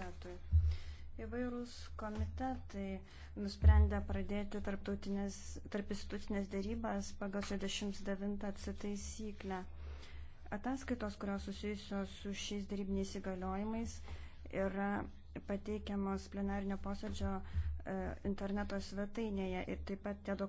komitetui. Įvairūs komitetai nusprendė pradėti tarp institucinės dėrybas pagal 69 taisyklę. Ataskaitos, kurios susijusios su šiais dėrybiniais įgaliojimais, yra pateikiamos plenarinio posėdžio e, interneto svetainėje ir taip pat tie dokumentai